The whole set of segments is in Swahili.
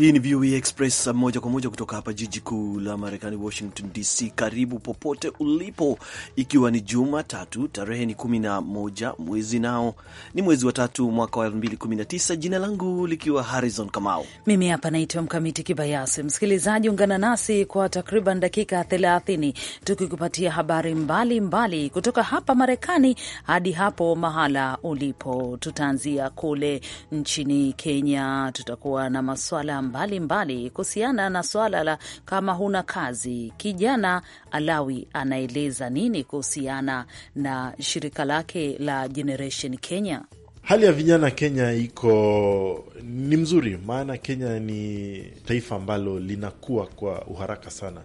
Hii ni VOA e Express moja kwa moja kutoka hapa jiji kuu la Marekani, Washington DC. Karibu popote ulipo, ikiwa ni Jumatatu tarehe ni kumi na moja mwezi nao ni mwezi wa tatu mwaka wa elfu mbili kumi na tisa jina langu likiwa Harrison Kamau. Mimi hapa naitwa Mkamiti Kibayasi. Msikilizaji, ungana nasi kwa takriban dakika thelathini tukikupatia habari mbalimbali mbali kutoka hapa Marekani hadi hapo mahala ulipo. Tutaanzia kule nchini Kenya, tutakuwa na maswala mbalimbali kuhusiana na swala la kama huna kazi. Kijana Alawi anaeleza nini kuhusiana na shirika lake la Generation Kenya? Hali ya vijana Kenya iko ni mzuri, maana Kenya ni taifa ambalo linakuwa kwa uharaka sana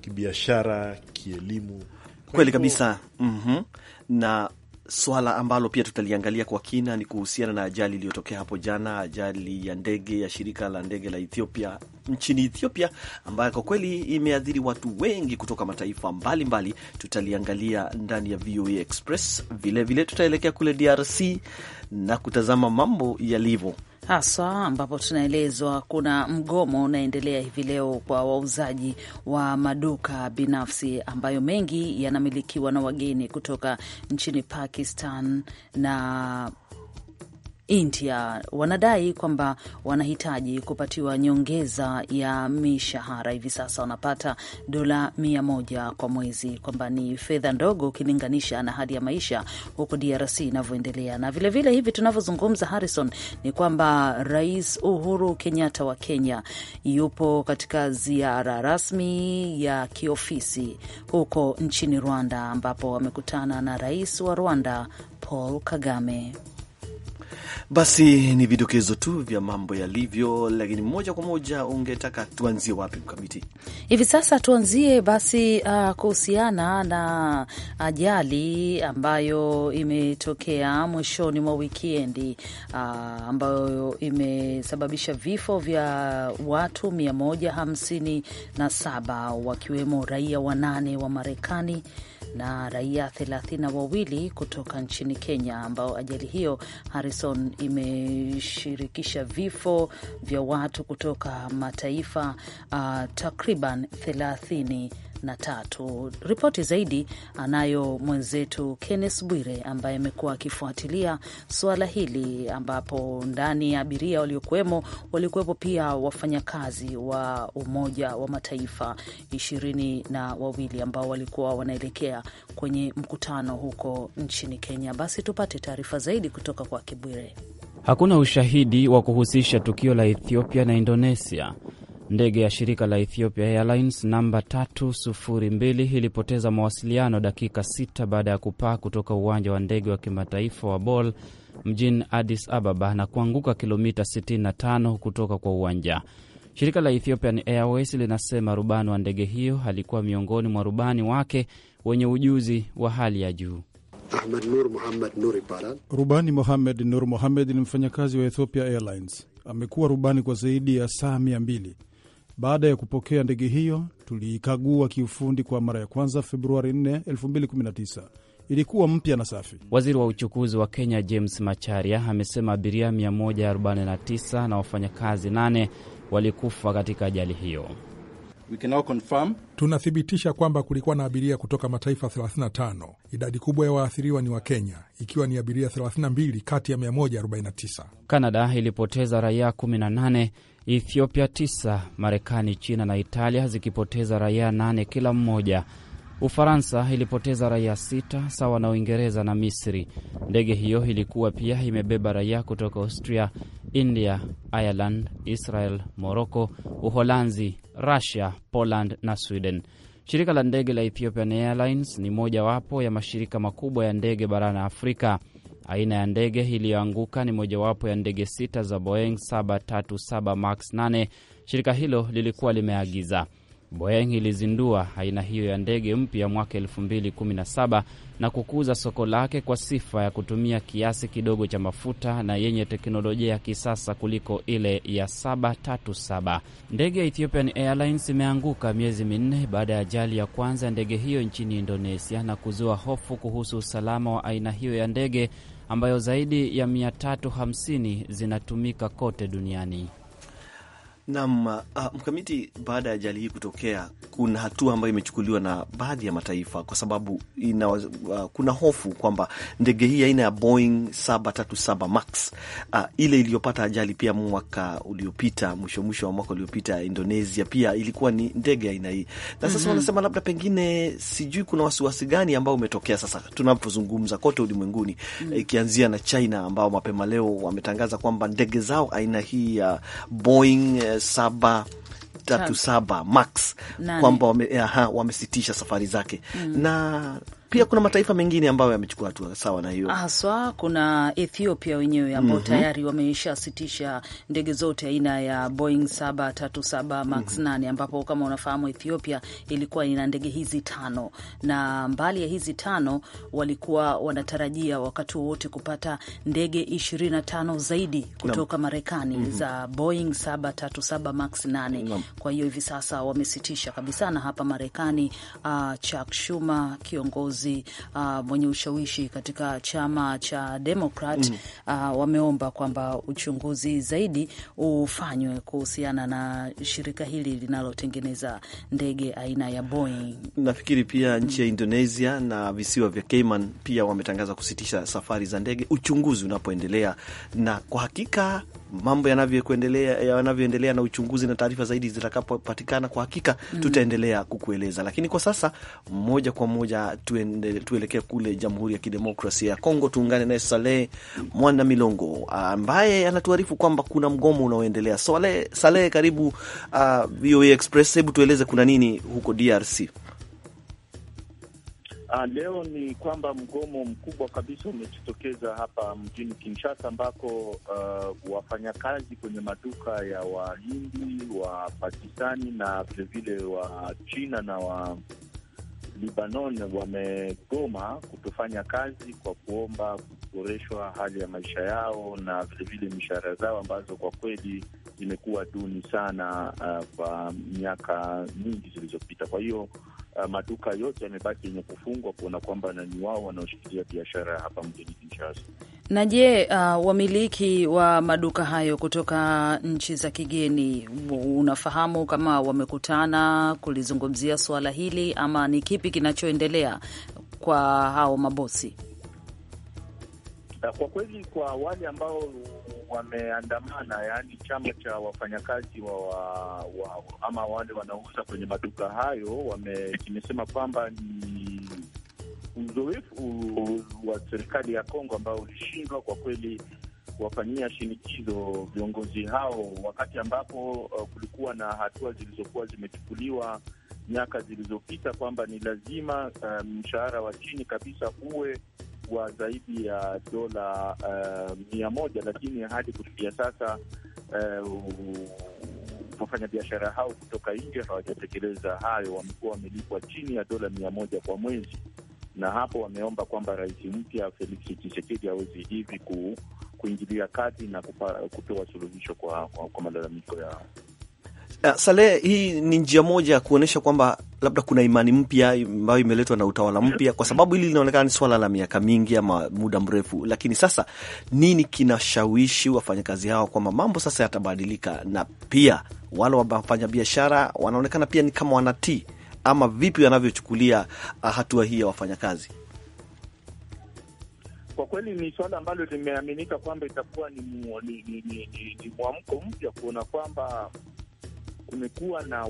kibiashara, kielimu. Kweli kabisa. mm -hmm. na swala ambalo pia tutaliangalia kwa kina ni kuhusiana na ajali iliyotokea hapo jana, ajali ya ndege ya shirika la ndege la Ethiopia nchini Ethiopia, ambayo kwa kweli imeathiri watu wengi kutoka mataifa mbalimbali mbali. Tutaliangalia ndani ya VOA e Express. Vilevile tutaelekea kule DRC na kutazama mambo yalivyo haswa ambapo tunaelezwa kuna mgomo unaendelea hivi leo kwa wauzaji wa maduka binafsi ambayo mengi yanamilikiwa na wageni kutoka nchini Pakistan na India wanadai kwamba wanahitaji kupatiwa nyongeza ya mishahara. Hivi sasa wanapata dola mia moja kwa mwezi, kwamba ni fedha ndogo ukilinganisha na hali ya maisha huko DRC inavyoendelea. Na vilevile vile hivi tunavyozungumza, Harrison, ni kwamba Rais Uhuru Kenyatta wa Kenya yupo katika ziara rasmi ya kiofisi huko nchini Rwanda, ambapo wamekutana na rais wa Rwanda Paul Kagame. Basi ni vidokezo tu vya mambo yalivyo, lakini moja kwa moja ungetaka tuanzie wapi Mkamiti hivi sasa? Tuanzie basi uh, kuhusiana na ajali ambayo imetokea mwishoni mwa wikendi uh, ambayo imesababisha vifo vya watu 157 wakiwemo raia wanane wa Marekani na raia thelathini na wawili kutoka nchini Kenya, ambao ajali hiyo Harrison imeshirikisha vifo vya watu kutoka mataifa uh, takriban thelathini tatu. Ripoti zaidi anayo mwenzetu Kenneth Bwire ambaye amekuwa akifuatilia suala hili, ambapo ndani ya abiria waliokuwemo walikuwepo pia wafanyakazi wa Umoja wa Mataifa ishirini na wawili ambao walikuwa wanaelekea kwenye mkutano huko nchini Kenya. Basi tupate taarifa zaidi kutoka kwa Kibwire. Hakuna ushahidi wa kuhusisha tukio la Ethiopia na Indonesia Ndege ya shirika la Ethiopia Airlines namba 302 ilipoteza mawasiliano dakika sita baada ya kupaa kutoka uwanja wa ndege wa kimataifa wa Bole mjini Addis Ababa na kuanguka kilomita 65 kutoka kwa uwanja. Shirika la Ethiopian Airways linasema rubani wa ndege hiyo alikuwa miongoni mwa rubani wake wenye ujuzi wa hali ya juu. Ahmed Nur Muhammad Nur Ibaran. Rubani Mohamed Nur Mohamed ni mfanyakazi wa Ethiopia Airlines. Amekuwa rubani kwa zaidi ya saa mia mbili. Baada ya kupokea ndege hiyo, tuliikagua kiufundi kwa mara ya kwanza Februari 4, 2019. Ilikuwa mpya na safi. Waziri wa uchukuzi wa Kenya James Macharia amesema abiria 149 na wafanyakazi 8 walikufa katika ajali hiyo. Tunathibitisha kwamba kulikuwa na abiria kutoka mataifa 35. Idadi kubwa ya waathiriwa ni wa kenya ikiwa ni abiria 32 kati ya 149. Kanada ilipoteza raia 18 Ethiopia tisa, Marekani, China na Italia zikipoteza raia nane kila mmoja. Ufaransa ilipoteza raia sita sawa na Uingereza na Misri. Ndege hiyo ilikuwa pia imebeba raia kutoka Austria, India, Ireland, Israel, morocco Uholanzi, russia Poland na Sweden. Shirika la ndege la Ethiopian Airlines ni mojawapo ya mashirika makubwa ya ndege barani Afrika. Aina ya ndege iliyoanguka ni mojawapo ya ndege sita za Boeing 737 max 8 shirika hilo lilikuwa limeagiza. Boeing ilizindua aina hiyo ya ndege mpya mwaka 2017 na kukuza soko lake kwa sifa ya kutumia kiasi kidogo cha mafuta na yenye teknolojia ya kisasa kuliko ile ya 737. Ndege ya Ethiopian Airlines imeanguka miezi minne baada ya ajali ya kwanza ya ndege hiyo nchini Indonesia na kuzua hofu kuhusu usalama wa aina hiyo ya ndege ambayo zaidi ya 350 zinatumika kote duniani. Naam, uh, uh, mkamiti, baada ya ajali hii kutokea, kuna hatua ambayo imechukuliwa na baadhi ya mataifa kwa sababu ina, uh, kuna hofu kwamba ndege hii aina ya Boeing 737 Max uh, ile iliyopata ajali pia mwaka uliopita, mwisho mwisho wa mwaka uliopita Indonesia, pia ilikuwa ni ndege aina hii, na sasa mm -hmm. wanasema labda pengine, sijui kuna wasiwasi gani ambao umetokea sasa tunapozungumza kote ulimwenguni mm -hmm. ikianzia na China ambao mapema leo wametangaza kwamba ndege zao aina hii ya uh, Boeing eh, saba tatu saba max kwamba wamesitisha safari zake mm. na pia kuna mataifa mengine ambayo yamechukua hatua sawa na hiyo, haswa kuna Ethiopia wenyewe ambao mm -hmm. tayari wameishasitisha ndege zote aina ya Boeing 737 Max 8 mhm. ambapo kama unafahamu Ethiopia ilikuwa ina ndege hizi tano, na mbali ya hizi tano walikuwa wanatarajia wakati wowote kupata ndege 25 zaidi kutoka no. Marekani mm -hmm. za Boeing 737 Max 8 no. Kwa hiyo hivi sasa wamesitisha kabisa, na hapa Marekani uh, Chuck Schumer kiongozi kiongozi uh, mwenye ushawishi katika chama cha Demokrat mm. uh, wameomba kwamba uchunguzi zaidi ufanywe kuhusiana na shirika hili linalotengeneza ndege aina ya Boeing. Nafikiri pia mm. nchi ya Indonesia na visiwa vya Cayman pia wametangaza kusitisha safari za ndege, uchunguzi unapoendelea, na kwa hakika mambo yanavyoendelea yanavyoendelea na uchunguzi na taarifa zaidi zitakapopatikana, kwa hakika mm, tutaendelea kukueleza, lakini kwa sasa moja kwa moja tuelekee kule Jamhuri ya Kidemokrasia ya Kongo, tuungane naye Saleh Mwana Milongo ambaye anatuarifu kwamba kuna mgomo unaoendelea. Saleh, karibu uh, VOA Express. Hebu tueleze kuna nini huko DRC? Uh, leo ni kwamba mgomo mkubwa kabisa umejitokeza hapa mjini Kinshasa ambako uh, wafanyakazi kwenye maduka ya Wahindi wa Pakistani na vilevile wa China na wa Libanon wamegoma kutofanya kazi kwa kuomba kuboreshwa hali ya maisha yao na vilevile mishahara zao ambazo kwa kweli imekuwa duni sana uh, kwa miaka mingi zilizopita. Kwa hiyo uh, maduka yote yamebaki yenye kufungwa kuona kwamba nani wao wanaoshikilia biashara hapa mjini Kinshasa. Na je, uh, wamiliki wa maduka hayo kutoka nchi za kigeni, unafahamu kama wamekutana kulizungumzia suala hili ama ni kipi kinachoendelea kwa hao mabosi? Eh, kwa kweli kwa wale ambao wameandamana, yaani chama cha wafanyakazi wa, wa, wa, ama wale wanaouza kwenye maduka hayo kimesema kwamba ni uzoefu wa serikali ya Kongo ambao ulishindwa kwa kweli kuwafanyia shinikizo viongozi hao, wakati ambapo uh, kulikuwa na hatua zilizokuwa zimechukuliwa miaka zilizopita kwamba ni lazima uh, mshahara wa chini kabisa uwe kwa zaidi ya dola uh, mia moja, lakini hadi kufikia sasa uh, eh, wafanyabiashara hao kutoka nje hawajatekeleza hayo. Wamekuwa wamelipwa chini ya dola mia moja kwa mwezi, na hapo wameomba kwamba rais mpya Felix Tshisekedi awezi hivi ku, kuingilia kati na kupa, kutoa suluhisho kwa, kwa, kwa malalamiko yao. Eh, Saleh, hii ni njia moja ya kuonyesha kwamba labda kuna imani mpya ambayo imeletwa na utawala mpya, kwa sababu hili linaonekana ni swala la miaka mingi ama muda mrefu. Lakini sasa nini kinashawishi wafanyakazi hawa kwamba mambo sasa yatabadilika, na pia wale wafanya biashara wanaonekana pia ni kama wanatii, ama vipi wanavyochukulia ah, hatua hii ya wafanyakazi? Kwa kweli ni suala ambalo limeaminika kwamba itakuwa ni mwamko mpya kuona kwamba kumekuwa na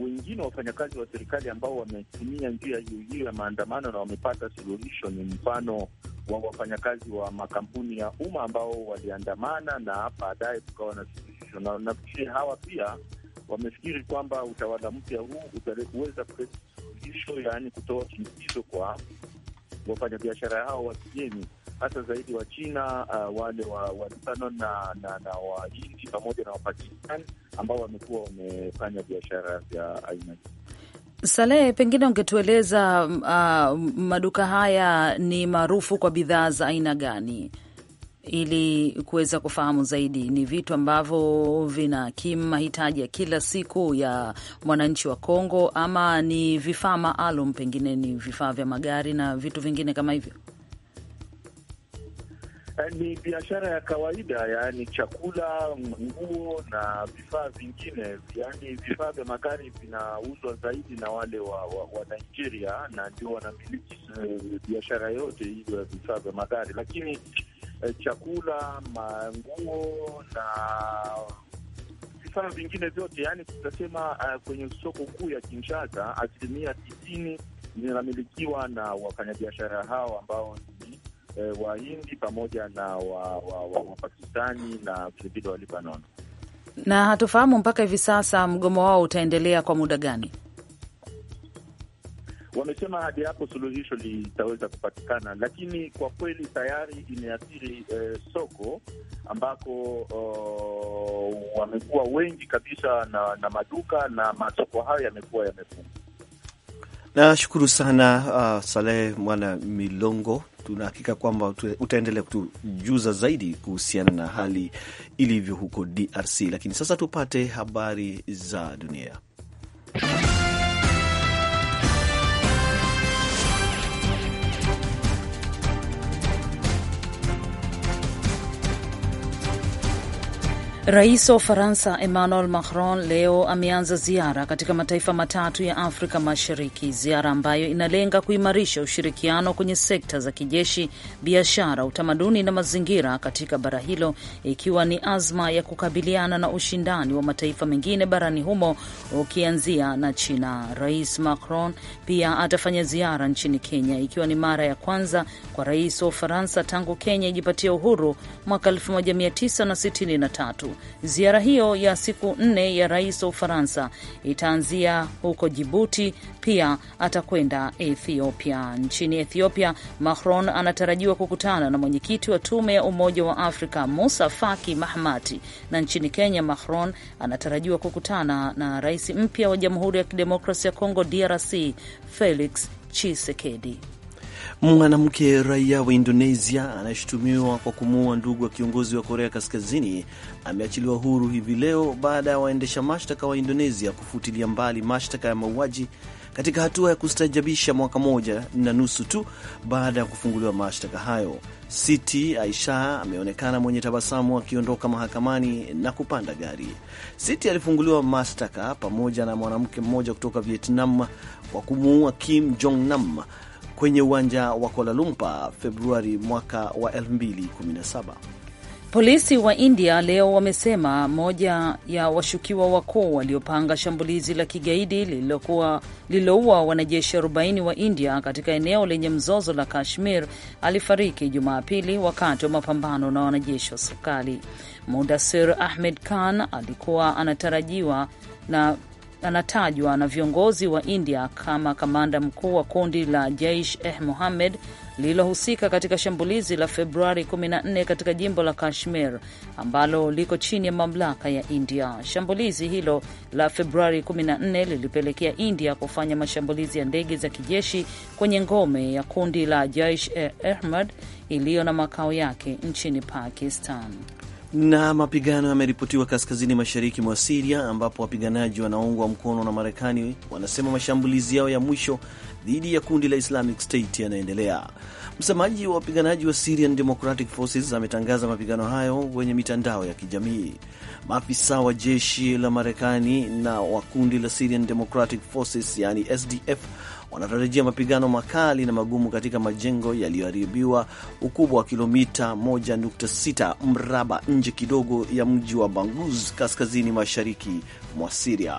wengine wafanyakazi wa serikali ambao wametumia njia hiyo hiyo ya maandamano na wamepata suluhisho. Ni mfano wa wafanyakazi wa makampuni ya umma ambao waliandamana na baadaye tukawa na suluhisho, na nafikiri hawa pia wamefikiri kwamba utawala mpya huu utaweza kuleta suluhisho, yaani kutoa shinikizo kwa wafanyabiashara hao wa kigeni hasa zaidi wa China, uh, wale wa Lebanon na, na, na Wahindi pamoja na Wapakistani ambao wamekuwa wamefanya biashara ya aina Salehe, pengine ungetueleza uh, maduka haya ni maarufu kwa bidhaa za aina gani, ili kuweza kufahamu zaidi. Ni vitu ambavyo vinakimu mahitaji ya kila siku ya mwananchi wa Kongo, ama ni vifaa maalum, pengine ni vifaa vya magari na vitu vingine kama hivyo? Eh, ni biashara ya kawaida, yaani chakula, nguo na vifaa vingine, yaani vifaa vya magari vinauzwa zaidi na wale wa, wa, wa Nigeria na ndio wanamiliki eh, biashara yote hiyo ya vifaa vya magari, lakini eh, chakula, manguo na vifaa vingine vyote, yaani tutasema uh, kwenye soko kuu ya Kinshasa asilimia tisini zinamilikiwa na wafanyabiashara hao ambao eh, Wahindi pamoja na Wapakistani wa, wa, wa na vilevile wa Lebanon, na hatufahamu mpaka hivi sasa mgomo wao utaendelea kwa muda gani. Wamesema hadi hapo suluhisho litaweza kupatikana, lakini kwa kweli tayari imeathiri eh, soko ambako oh, wamekuwa wengi kabisa na, na maduka na masoko hayo yamekuwa yamefungwa. Nashukuru sana uh, Saleh Mwana Milongo. Tunahakika kwamba utaendelea kutujuza zaidi kuhusiana na hali ilivyo huko DRC, lakini sasa tupate habari za dunia. Rais wa Ufaransa Emmanuel Macron leo ameanza ziara katika mataifa matatu ya Afrika Mashariki, ziara ambayo inalenga kuimarisha ushirikiano kwenye sekta za kijeshi, biashara, utamaduni na mazingira katika bara hilo, ikiwa ni azma ya kukabiliana na ushindani wa mataifa mengine barani humo ukianzia na China. Rais Macron pia atafanya ziara nchini Kenya, ikiwa ni mara ya kwanza kwa rais wa Ufaransa tangu Kenya ijipatia uhuru mwaka 1963. Ziara hiyo ya siku nne ya rais wa Ufaransa itaanzia huko Jibuti, pia atakwenda Ethiopia. Nchini Ethiopia, Macron anatarajiwa kukutana na mwenyekiti wa tume ya Umoja wa Afrika Musa Faki Mahamati, na nchini Kenya, Macron anatarajiwa kukutana na rais mpya wa Jamhuri ya Kidemokrasia ya Kongo, DRC, Felix Chisekedi. Mwanamke raia wa Indonesia anayeshutumiwa kwa kumuua ndugu wa kiongozi wa Korea Kaskazini ameachiliwa huru hivi leo baada ya waendesha mashtaka wa Indonesia kufutilia mbali mashtaka ya mauaji katika hatua ya kustajabisha mwaka moja na nusu tu baada ya kufunguliwa mashtaka hayo. Siti Aisha ameonekana mwenye tabasamu akiondoka mahakamani na kupanda gari. Siti alifunguliwa mashtaka pamoja na mwanamke mmoja kutoka Vietnam kwa kumuua Kim Jong Nam kwenye uwanja wa Kuala Lumpur Februari mwaka wa 2017. Polisi wa India leo wamesema moja ya washukiwa wakuu waliopanga shambulizi la kigaidi lililoua wanajeshi 40 wa India katika eneo lenye mzozo la Kashmir alifariki Jumapili wakati wa mapambano na wanajeshi wa serikali. Mudasir Ahmed Khan alikuwa anatarajiwa na anatajwa na viongozi wa India kama kamanda mkuu wa kundi la Jaish eh Mohammed lililohusika katika shambulizi la Februari 14 katika jimbo la Kashmir ambalo liko chini ya mamlaka ya India. Shambulizi hilo la Februari 14 lilipelekea India kufanya mashambulizi ya ndege za kijeshi kwenye ngome ya kundi la Jaish eh Ahmad iliyo na makao yake nchini Pakistan. Na mapigano yameripotiwa kaskazini mashariki mwa Siria ambapo wapiganaji wanaoungwa mkono na Marekani wanasema mashambulizi yao ya mwisho dhidi ya kundi la Islamic State yanaendelea. Msemaji wa wapiganaji wa Syrian Democratic Forces ametangaza mapigano hayo kwenye mitandao ya kijamii. Maafisa wa jeshi la Marekani na wa kundi la Syrian Democratic Forces yani SDF wanatarajia mapigano makali na magumu katika majengo yaliyoharibiwa ukubwa wa kilomita 1.6 mraba nje kidogo ya mji wa Banguz kaskazini mashariki mwa Siria.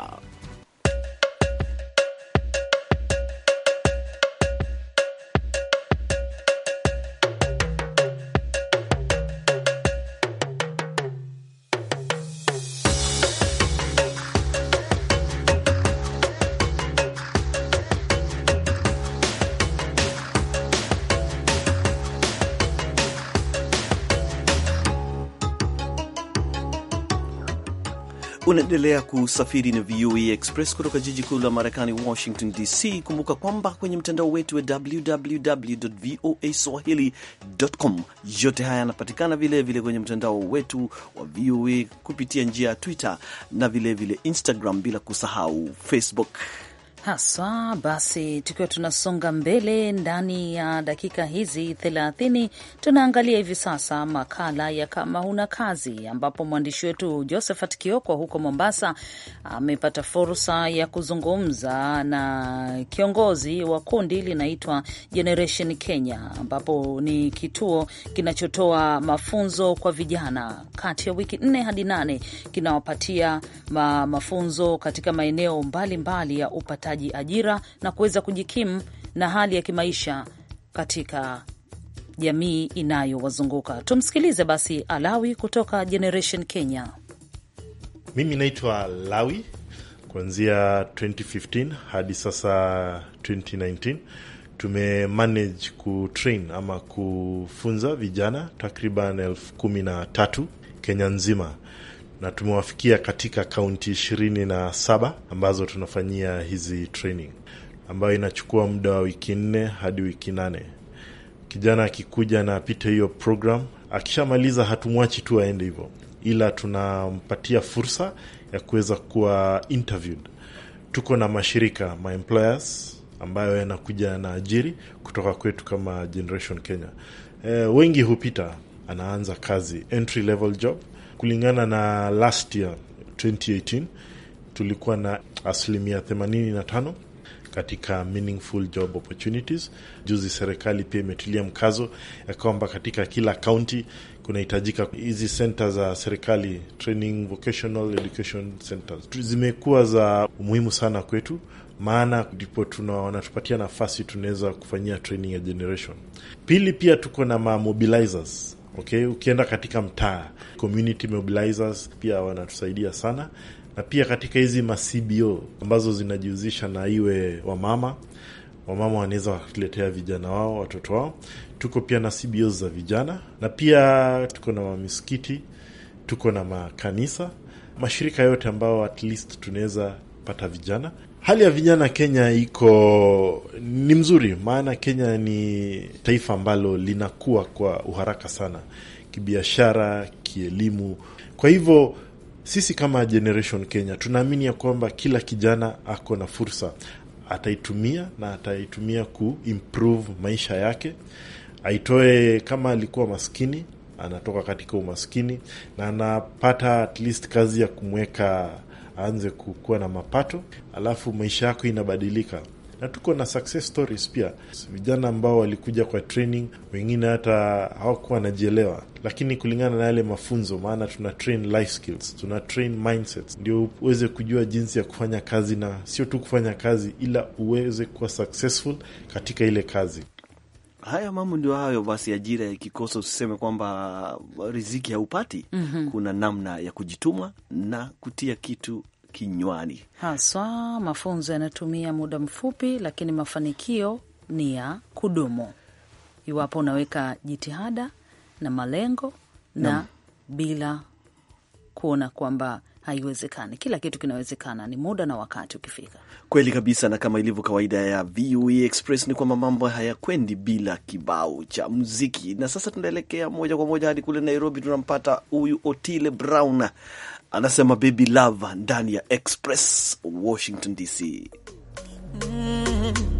Unaendelea kusafiri na VOA Express kutoka jiji kuu la Marekani, Washington DC. Kumbuka kwamba kwenye mtandao wetu wa www voa swahili.com, yote haya yanapatikana vilevile kwenye mtandao wetu wa VOA kupitia njia ya Twitter na vilevile vile Instagram, bila kusahau Facebook haswa. Basi tukiwa tunasonga mbele ndani ya dakika hizi thelathini, tunaangalia hivi sasa makala ya kama huna kazi, ambapo mwandishi wetu Josephat Kioko huko Mombasa amepata fursa ya kuzungumza na kiongozi wa kundi linaitwa Generation Kenya, ambapo ni kituo kinachotoa mafunzo kwa vijana kati ya wiki nne hadi nane, kinawapatia ma mafunzo katika maeneo mbalimbali mbali ya upataji wanahitaji ajira na kuweza kujikimu na hali ya kimaisha katika jamii inayowazunguka. Tumsikilize basi Alawi kutoka Generation Kenya. Mimi naitwa lawi kuanzia 2015 hadi sasa 2019 tumemanage kutrain ama kufunza vijana takriban elfu kumi na tatu Kenya nzima na tumewafikia katika kaunti ishirini na saba ambazo tunafanyia hizi training ambayo inachukua muda wa wiki nne hadi wiki nane. Kijana akikuja na apite hiyo program, akishamaliza hatumwachi tu aende hivyo, ila tunampatia fursa ya kuweza kuwa interviewed. Tuko na mashirika my employers ambayo yanakuja na ajiri kutoka kwetu kama Generation Kenya. E, wengi hupita, anaanza kazi entry level job kulingana na last year 2018 tulikuwa na asilimia 85 katika meaningful job opportunities. Juzi serikali pia imetilia mkazo ya kwamba katika kila kaunti kunahitajika hizi senta za serikali training vocational education centers zimekuwa za umuhimu sana kwetu, maana ndipo tuna wanatupatia nafasi tunaweza kufanyia training ya generation. Pili, pia tuko na mobilizers okay. Ukienda katika mtaa, community mobilizers pia wanatusaidia sana, na pia katika hizi ma-CBO ambazo zinajihusisha na iwe wamama wamama wanaweza wakuletea vijana wao watoto wao. Tuko pia na CBO za vijana na pia tuko na mamisikiti, tuko na makanisa, mashirika yote ambao at least tunaweza pata vijana Hali ya vijana Kenya iko ni mzuri, maana Kenya ni taifa ambalo linakuwa kwa uharaka sana kibiashara, kielimu. Kwa hivyo sisi kama Generation Kenya tunaamini ya kwamba kila kijana ako na fursa, ataitumia na ataitumia kuimprove maisha yake, aitoe kama alikuwa maskini, anatoka katika umaskini na anapata at least kazi ya kumweka aanze kukuwa na mapato, alafu maisha yako inabadilika na tuko na success stories pia, vijana ambao walikuja kwa training, wengine hata hawakuwa wanajielewa, lakini kulingana na yale mafunzo, maana tuna train life skills, tuna train mindsets, ndio uweze kujua jinsi ya kufanya kazi, na sio tu kufanya kazi, ila uweze kuwa successful katika ile kazi. Haya mambo ndio hayo basi, ajira ya kikosa, usiseme kwamba riziki haupati. mm -hmm. Kuna namna ya kujituma na kutia kitu kinywani, haswa mafunzo yanatumia muda mfupi, lakini mafanikio ni ya kudumu iwapo unaweka jitihada na malengo na, na bila kuona kwamba haiwezekani. Kila kitu kinawezekana, ni muda na wakati ukifika. Kweli kabisa, na kama ilivyo kawaida ya VOA e Express ni kwamba mambo hayakwendi bila kibao cha muziki, na sasa tunaelekea moja kwa moja hadi kule Nairobi. Tunampata huyu Otile Brown anasema baby love ndani ya Express Washington DC. mm -hmm.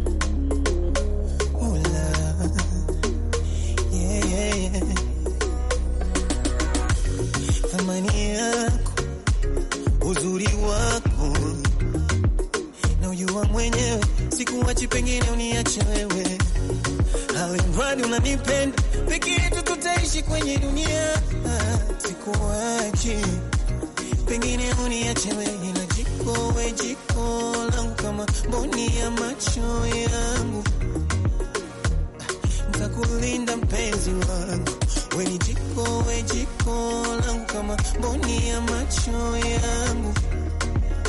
mwachi, pengine uniache wewe, hali mradi unanipenda, peke yetu tutaishi kwenye dunia, sikuwachi, pengine uniache wewe, na jiko we jiko langu kama mboni ya macho yangu, nitakulinda mpenzi wangu, we ni jiko we jiko langu kama mboni ya macho yangu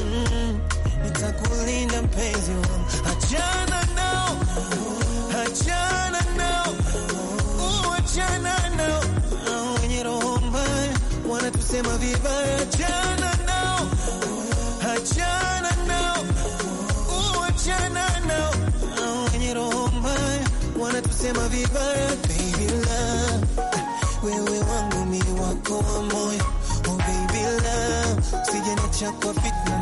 mm. za kulinda mpenzi wangu, achana nao, achana nao, oh, achana nao, hao wenye roho mbaya wanatusema vibaya, achana nao, achana nao, oh, achana nao, hao wenye roho mbaya wanatusema vibaya. Baby love, wewe wangu mi wako wa moyo, oh baby love, usijeniacha kwa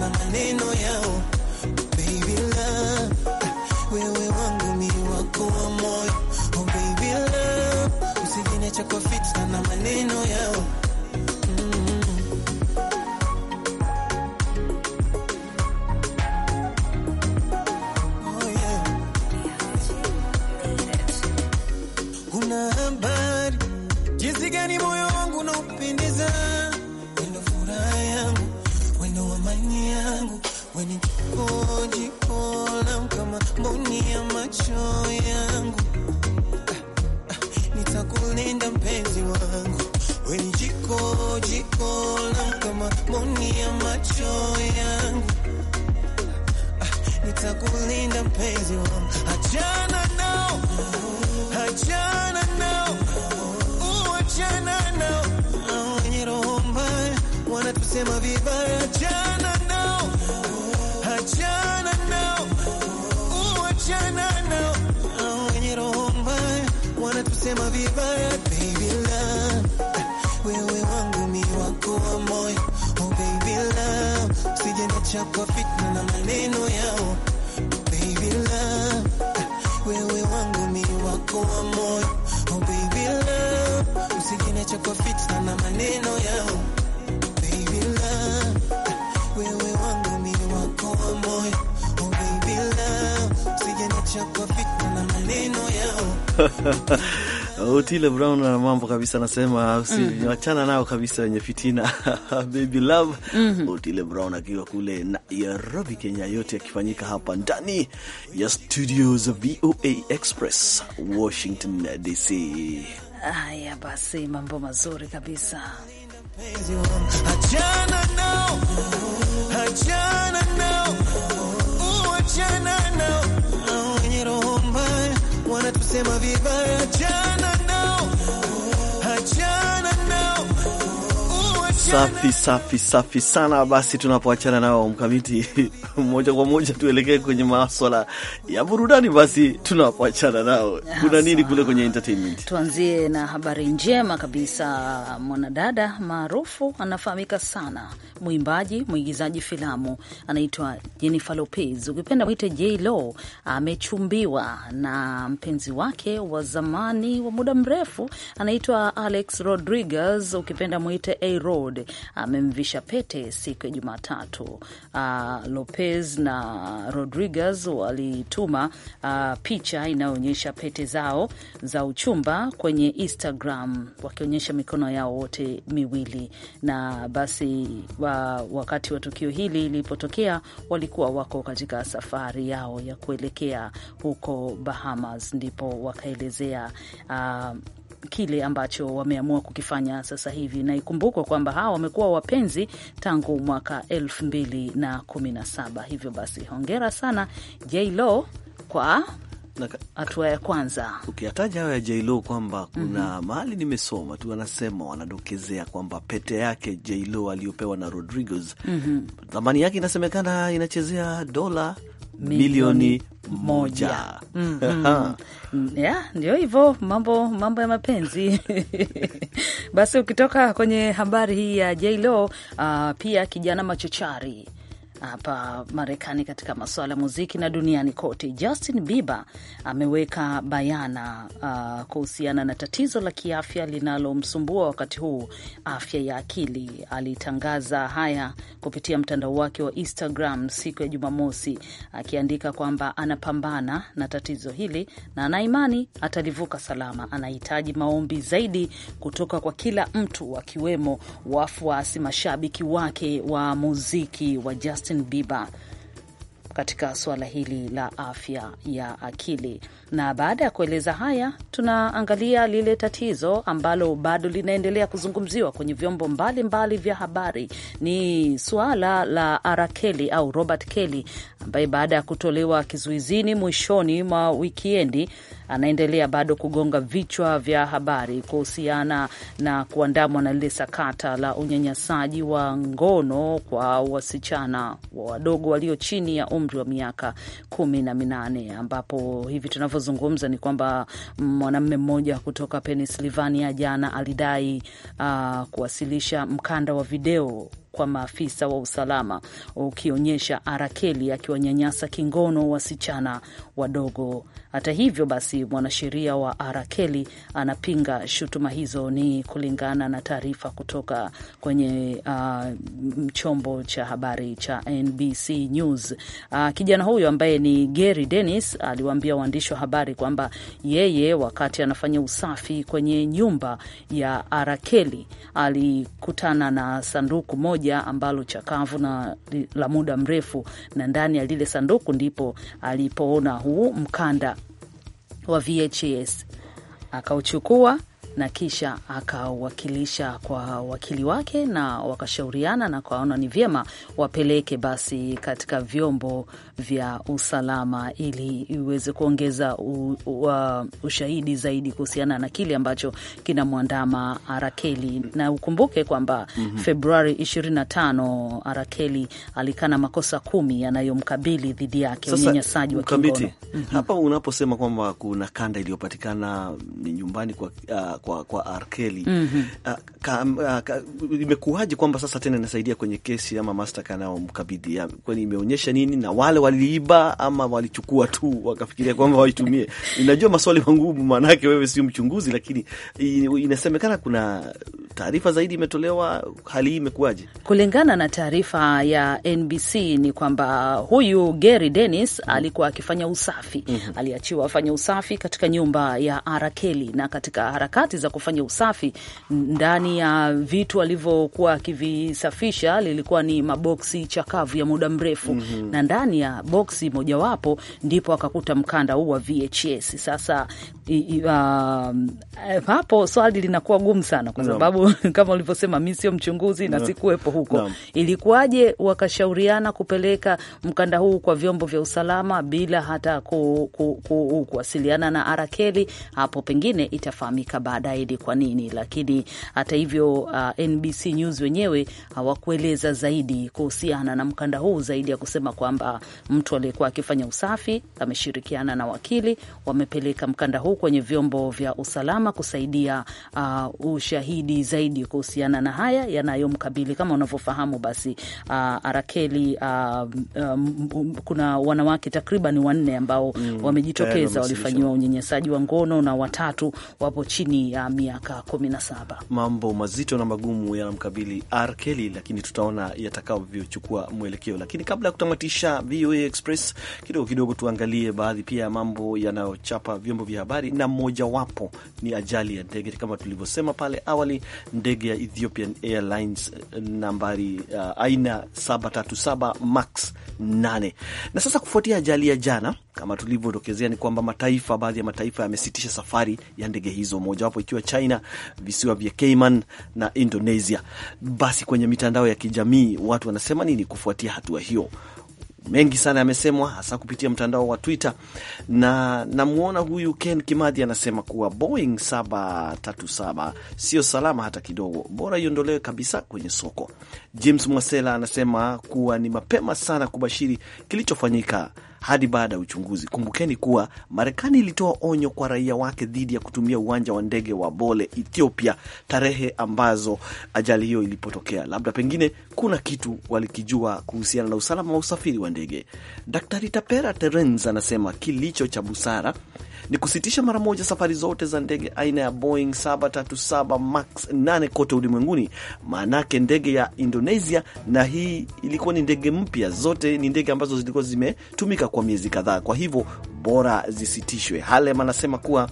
maneno yao baby love, wewe wangu mi wako wa moyo oh baby love, usijine chako fitna na maneno yao macho yangu, nitakulinda mpenzi wangu, we ni jiko jiko langu, kama moni ya macho yangu, nitakulinda mpenzi wangu, achana nao, achana nao, uachana nao, wenye roho mbaya wanatusema vibaya sema vibaya baby love, wewe wangu mi wako wa moyo oh baby love, sije nichapwa fitna na maneno yao baby love, wewe wangu mi wako wa moyo oh baby love, usije nichapwa fitna na maneno yao baby love, wewe wangu mi wako wa moyo oh baby love, usije nichapwa fitna na maneno yao Otile Brown na mambo kabisa, anasema usiwachana mm. nao kabisa, wenye fitina baby love mm -hmm. Otile Brown akiwa kule Nairobi, Kenya, yote yakifanyika hapa ndani ya studio za VOA Express Washington DC. Haya basi, mambo mazuri kabisa. Achana nao, achana nao, uachana oh, nao, Safi safi safi sana. Basi tunapoachana nao mkamiti moja kwa moja tuelekee kwenye maswala ya burudani. Basi tunapoachana nao, kuna nini kule kwenye entertainment? Tuanzie na habari njema kabisa. Mwanadada maarufu anafahamika sana, mwimbaji, mwigizaji filamu, anaitwa Jennifer Lopez, ukipenda mwite J Lo, amechumbiwa na mpenzi wake wa zamani wa muda mrefu, anaitwa Alex Rodriguez, ukipenda mwite A Rod Giroud amemvisha pete siku ya Jumatatu. Uh, Lopez na Rodriguez walituma uh, picha inayoonyesha pete zao za uchumba kwenye Instagram wakionyesha mikono yao wote miwili, na basi wa, wakati wa tukio hili lilipotokea walikuwa wako katika safari yao ya kuelekea huko Bahamas, ndipo wakaelezea uh, kile ambacho wameamua kukifanya sasa hivi, na ikumbukwe kwamba hawa wamekuwa wapenzi tangu mwaka saba. Hivyo basi hongera sana JLo kwa hatua ya kwanza ukiyataja hayo ya Jlo kwamba kuna mm -hmm. mahali nimesoma tu wanasema wanadokezea kwamba pete yake Jlo aliyopewa na Rodriguez mm -hmm. thamani yake inasemekana inachezea dola milioni moja. mm -hmm. Yeah, ndio hivyo mambo, mambo ya mapenzi basi. Ukitoka kwenye habari hii ya jlo uh, ah, pia kijana machochari hapa Marekani katika masuala ya muziki na duniani kote. Justin Bieber ameweka bayana uh, kuhusiana na tatizo la kiafya linalomsumbua wakati huu, afya ya akili. Alitangaza haya kupitia mtandao wake wa Instagram siku ya Jumamosi, akiandika kwamba anapambana na tatizo hili na anaimani atalivuka salama. Anahitaji maombi zaidi kutoka kwa kila mtu, wakiwemo wafuasi, mashabiki wake wa muziki wa Justin Justin Bieber katika suala hili la afya ya akili. Na baada ya kueleza haya, tunaangalia lile tatizo ambalo bado linaendelea kuzungumziwa kwenye vyombo mbalimbali mbali vya habari. Ni suala la R Kelly au Robert Kelly ambaye baada ya kutolewa kizuizini mwishoni mwa wikiendi anaendelea bado kugonga vichwa vya habari kuhusiana na kuandamwa na lile sakata la unyanyasaji wa ngono kwa wasichana wadogo walio chini ya umri wa miaka kumi na minane ambapo hivi tunavyo tunazungumza ni kwamba mwanamume mmoja kutoka Pennsylvania jana alidai uh, kuwasilisha mkanda wa video kwa maafisa wa usalama ukionyesha Arakeli akiwanyanyasa kingono wasichana wadogo. Hata hivyo basi, mwanasheria wa Arakeli anapinga shutuma hizo, ni kulingana na taarifa kutoka kwenye uh, chombo cha habari cha NBC News. Uh, kijana huyo ambaye ni Gary Dennis aliwaambia waandishi wa habari kwamba yeye wakati anafanya usafi kwenye nyumba ya Arakeli alikutana na sanduku moja moja ambalo chakavu na la muda mrefu, na ndani ya lile sanduku ndipo alipoona huu mkanda wa VHS akauchukua na kisha akawakilisha kwa wakili wake na wakashauriana na kaona ni vyema wapeleke basi katika vyombo vya usalama ili iweze kuongeza u, u, uh, ushahidi zaidi kuhusiana na kile ambacho kinamwandama Arakeli, na ukumbuke kwamba mm -hmm. Februari 25 Arakeli alikana makosa kumi yanayomkabili dhidi yake, unyanyasaji wa kingono. Mhm. Hapa unaposema kwamba kuna kanda iliyopatikana ni nyumbani kwa, uh, kwa, kwa Arkeli mm -hmm. uh, ah, uh, ah, imekuwaje kwamba sasa tena inasaidia kwenye kesi ama mashtaka anayomkabidhi, kwani imeonyesha nini na wale waliiba ama walichukua tu wakafikiria kwamba waitumie? Ninajua maswali mangumu, maanake wewe sio mchunguzi, lakini inasemekana kuna taarifa zaidi imetolewa, hali hii imekuwaje? Kulingana na taarifa ya NBC ni kwamba huyu Gary Dennis mm-hmm. alikuwa akifanya usafi mm -hmm. Aliachiwa afanya usafi katika nyumba ya Arakeli, na katika harakati za kufanya usafi ndani ya vitu alivyokuwa akivisafisha lilikuwa ni maboksi chakavu ya muda mrefu mm -hmm. na ndani ya boksi mojawapo ndipo akakuta mkanda huu wa VHS. Sasa i, i, uh, hapo swali linakuwa gumu sana kwa sababu kama ulivyosema, mi sio mchunguzi na sikuwepo huko no. Ilikuwaje wakashauriana kupeleka mkanda huu kwa vyombo vya usalama bila hata ku, ku, ku, kuwasiliana na Arakeli? Hapo pengine itafahamika baadaye ni kwa nini, lakini hata hivyo uh, NBC News wenyewe hawakueleza zaidi kuhusiana na mkanda huu zaidi ya kusema kwamba mtu aliyekuwa akifanya usafi ameshirikiana na wakili, wamepeleka mkanda huu kwenye vyombo vya usalama kusaidia uh, ushahidi zaidi kuhusiana na haya yanayomkabili. Kama unavyofahamu basi, uh, Arakeli uh, um, um kuna wanawake takriban wanne ambao mm, eh, wamejitokeza walifanyiwa unyenyesaji wa ngono na watatu wapo chini ya miaka kumi na saba. Mambo mazito na magumu yanamkabili Arakeli, lakini tutaona yatakavyochukua mwelekeo. Lakini kabla ya kutamatisha VOA Express kidogo kidogo, tuangalie baadhi pia ya mambo yanayochapa vyombo vya habari, na mmojawapo ni ajali ya ndege kama tulivyosema pale awali, ndege ya Ethiopian Airlines eh, nambari uh, aina 737 max 8. Na sasa kufuatia ajali ya jana, kama tulivyodokezea, ni kwamba mataifa, baadhi ya mataifa yamesitisha safari ya ndege hizo, mojawapo ikiwa China, visiwa vya Cayman na Indonesia. Basi kwenye mitandao ya kijamii watu wanasema nini kufuatia hatua hiyo? mengi sana yamesemwa, hasa kupitia mtandao wa Twitter, na namwona huyu Ken Kimadhi anasema kuwa Boeing 737 sio salama hata kidogo, bora iondolewe kabisa kwenye soko. James Mwasela anasema kuwa ni mapema sana kubashiri kilichofanyika hadi baada ya uchunguzi. Kumbukeni kuwa Marekani ilitoa onyo kwa raia wake dhidi ya kutumia uwanja wa ndege wa Bole, Ethiopia, tarehe ambazo ajali hiyo ilipotokea. Labda pengine kuna kitu walikijua kuhusiana na usalama wa usafiri wa ndege. Daktari Tapera Terenz anasema kilicho cha busara ni kusitisha mara moja safari zote za ndege aina ya Boeing 737 Max 8 kote ulimwenguni, maanake ndege ya Indonesia, na hii ilikuwa ni ndege mpya. Zote ni ndege ambazo zilikuwa zimetumika kwa miezi kadhaa, kwa hivyo bora zisitishwe. Halem anasema kuwa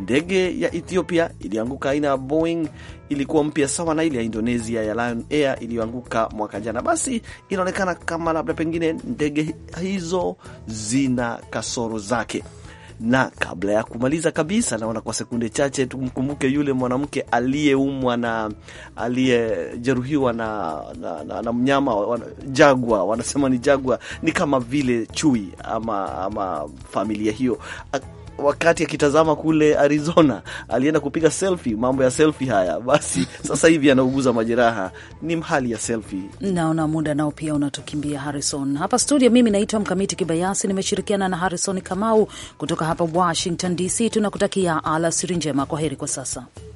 ndege ya Ethiopia ilianguka aina ya Boeing ilikuwa mpya sawa na ile ya Indonesia ya Lion Air iliyoanguka mwaka jana. Basi inaonekana kama labda pengine ndege hizo zina kasoro zake na kabla ya kumaliza kabisa, naona kwa sekunde chache tumkumbuke yule mwanamke aliyeumwa na aliyejeruhiwa na, na, na, na mnyama wana, jagwa. Wanasema ni jagwa ni kama vile chui ama, ama familia hiyo wakati akitazama kule Arizona, alienda kupiga selfie. Mambo ya selfie haya basi, sasa hivi anauguza majeraha, ni mhali ya selfie. Naona muda nao pia unatukimbia, Harrison. Hapa studio, mimi naitwa Mkamiti Kibayasi, nimeshirikiana na Harrison Kamau kutoka hapa Washington DC. Tunakutakia alasiri njema, kwa heri kwa sasa.